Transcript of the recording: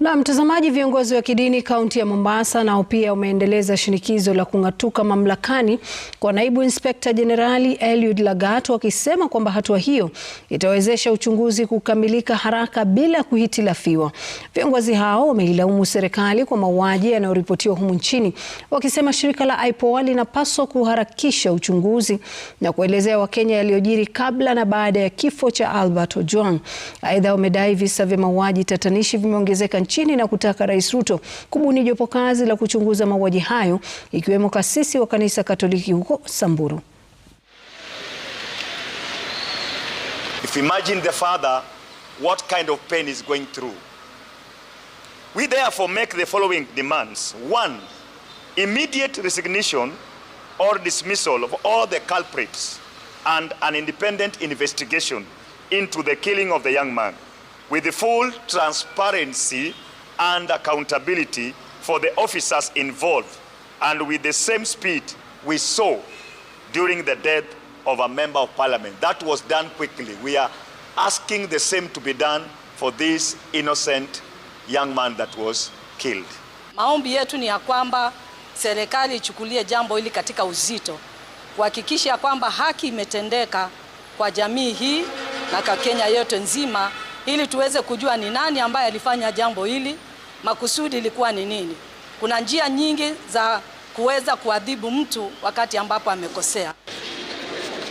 Na mtazamaji, viongozi wa kidini kaunti ya Mombasa nao pia umeendeleza shinikizo la kung'atuka mamlakani kwa naibu inspekta jenerali Eliud Lagat, wakisema kwamba hatua hiyo itawezesha uchunguzi kukamilika haraka bila kuhitilafiwa. Viongozi hao wameilaumu serikali kwa mauaji yanayoripotiwa humu nchini, wakisema shirika la IPOA linapaswa kuharakisha uchunguzi na kuelezea Wakenya yaliyojiri kabla na baada ya kifo cha Albert Ojwang. Aidha, wamedai visa vya mauaji tatanishi vimeongezeka nchini na kutaka Rais Ruto kubuni jopo kazi la kuchunguza mauaji hayo ikiwemo kasisi wa kanisa Katoliki huko Samburu. If imagine the father what kind of pain is going through. We therefore make the following demands. One, immediate resignation or dismissal of all the culprits and an independent investigation into the killing of the young man with the full transparency and accountability for the officers involved and with the same speed we saw during the death of a member of parliament. That was done quickly. We are asking the same to be done for this innocent young man that was killed. Maombi yetu ni ya kwamba serikali ichukulie jambo hili katika uzito kuhakikisha kwamba haki imetendeka kwa jamii hii na kwa Kenya yote nzima ili tuweze kujua ni nani ambaye alifanya jambo hili, makusudi ilikuwa ni nini. Kuna njia nyingi za kuweza kuadhibu mtu wakati ambapo amekosea.